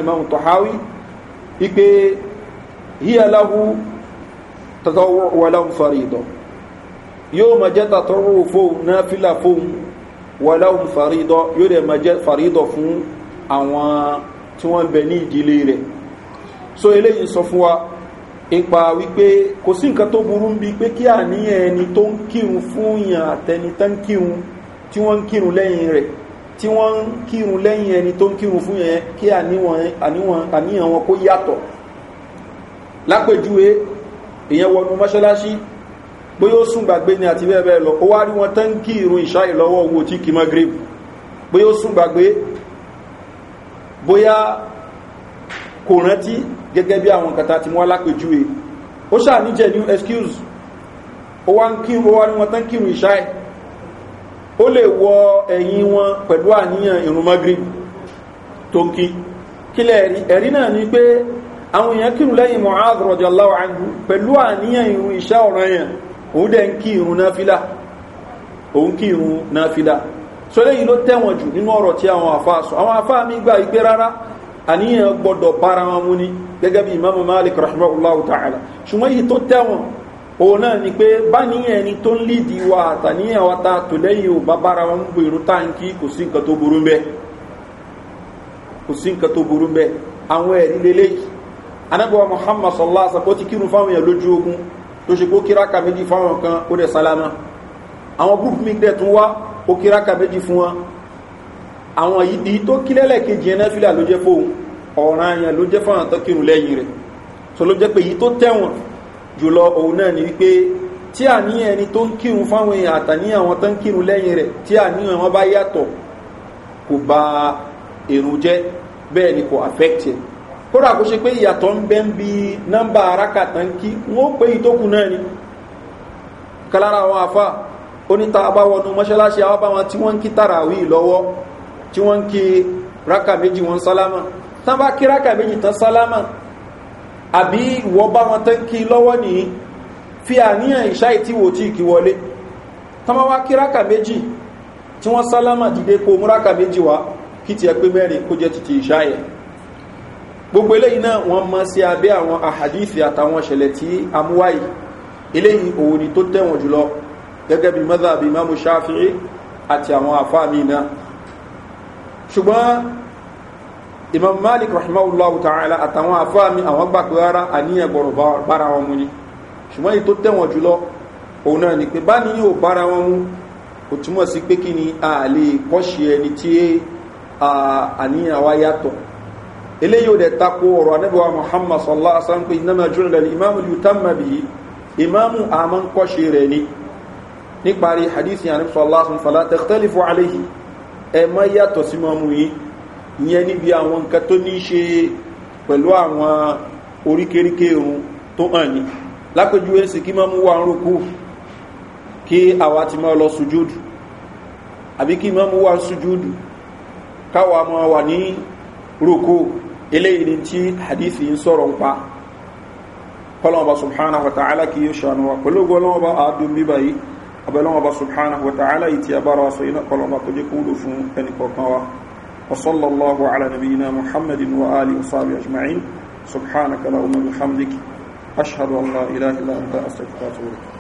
Speaker 1: wàláhùn faridọ yóò dẹ̀ ma jẹ́ faridọ fún àwọn tí wọ́n bẹ ní ìdílé rẹ̀ so eléyìí sọ fún wa ipa wípé kò sí nǹkan tó burú ń bi pé kí àníyàn ẹni tó ń kírun fún yàn àtẹni tó ń kírun tí wọ́n ń kírun lẹ́yìn rẹ̀ tí wọ́n ń kírun lẹ́yìn ẹni tó ń kírun fún yẹn kí àníyàn kó yàtọ̀ lápèjúwe èèyàn wọnú mọ́ṣáláṣí pé ó sún gbàgbé ni àti bẹ́ẹ̀ bẹ́ẹ̀ lọ ó wá rí wọn tán kí irun ìṣá ìlọ́wọ́ owó tí kì mọ́ gírèbù pé ó sún gbàgbé bóyá kò rántí gẹ́gẹ́ bí àwọn kàtà tí wọ́n lápèjúwe ó ṣà ní excuse ó wá ń kí ó wá rí wọn tán kí irun ìṣá ẹ̀ ó lè wọ ẹ̀yìn wọn pẹ̀lú àníyàn irun mọ́ gírèbù tó ń kí kílẹ̀ ẹ̀rí náà ni pé àwọn èèyàn kírun lẹ́yìn mọ̀háàdùrọ̀dì aláwọ̀ àgbù pẹ̀lú àníyàn irun ìṣá ọ̀ràn yẹn òun dẹ̀ ń kí irun náfílà òun so léyìn ló tẹ́wọ̀n jù nínú ọ̀rọ̀ tí àwọn àfáà sọ àwọn àfáà mi gba ìgbé rárá àníyàn gbọ́dọ̀ bára wọn mú ní gẹ́gẹ́ bí imam malik rahimahullahu ta'ala wa wa ta tò lẹ́yìn ò bá bára wọn bú irun táǹkì kò sí nǹkan tó tó ṣe pé ó kíráka méjì fáwọn kan ó dẹ̀ sálámà àwọn group mi dẹ̀ tún wá ó kíráka méjì fún wọn àwọn ìdí tó kílẹ̀lẹ̀ kejì ẹ̀nà fílà ló jẹ́ fóun ọ̀ràn àyàn ló jẹ́ fáwọn tó kírun lẹ́yìn rẹ̀ so ló jẹ́ pé èyí tó tẹ̀wọ̀n jùlọ òun náà ni wípé tí àníyàn ẹni tó ń kírun fáwọn èèyàn àtàníyàn àwọn tó ń kírun lẹ́yìn rẹ̀ tí àníyàn wọn bá yàtọ̀ kódà kó ṣe pé ìyàtọ̀ ń bẹ́ ń bi nọ́mbà arákàtà ń kí wọ́n pé ìtókù náà ni kálára àwọn afá oníta abáwọnú mọ́ṣáláṣí àwọn báwọn tí wọ́n ń kí tàràwí lọ́wọ́ tí wọ́n ń kí rákà méjì wọn sálámà tán bá kí rákà méjì tán sálámà àbí ìwọ bá wọn tán kí lọ́wọ́ nìyí fi àníyàn ìṣá ìtí tí ìkí wọlé tán bá wá kí rákà méjì tí wọ́n sálámà dìde kó mú rákà méjì wá kí ti ẹ pé mẹ́rin kó jẹ́ titi ìṣá yẹn gbogbo eléyìí náà wọ́n mọ́ sí abẹ́ àwọn àhàdíìsì àtàwọn ṣẹlẹ̀ tí a mú wáyé eléyìí òun ni tó tẹ̀wọ̀n jùlọ gẹ́gẹ́ bí mọ́tà bí mọ́mú ṣáfíì àti àwọn àfáàmì náà ṣùgbọ́n imam malik rahimahullah ta'ala àtàwọn àfáàmì àwọn gbà pé rárá àníyàn gbọ̀rọ̀ bára wọn mú ni eléyìí ò dẹ̀ tako ọ̀rọ̀ anábíwá muhammad sallallahu alaihi wasallam pé iná jùlọ lẹ́lẹ́ imáàmù yóò tán mẹ́bí imáàmù àmọ́ ń kọ́ṣe rẹ̀ ni níparí hadith yàn nípa sallallahu alaihi wasallam tẹ̀kítẹ́lì fún aléyìí ẹ má yàtọ̀ sí mọ́mú yìí ìyẹn níbi àwọn nǹkan tó ní ṣe pẹ̀lú àwọn oríkèríkè ohun tó hàn ní lápẹjú èsì kí mọ́mú wà ń rúkú kí àwa ti máa lọ sujúdù àbí kí mọ́mú wà ń sujúdù káwa máa wà ní rúkú eléyìí ni tí hadithi ń sọ̀rọ̀ ń pa kọlọ́ọ̀bá subhanahu wa ta'ala kì í ṣàánú wa pẹ̀lú ọgọ́lọ́ọ̀bá àádùn bíbá yìí abẹ́lọ́ọ̀bá subhanahu wa ta'ala yìí tí a bára sọ iná kọlọ́ọ̀bá kò jẹ́ kúrò fún ẹnì kọ̀ọ̀kan wa وصلى الله على نبينا محمد وآله وصحبه أجمعين سبحانك اللهم وبحمدك أشهد أن إله إلا أنت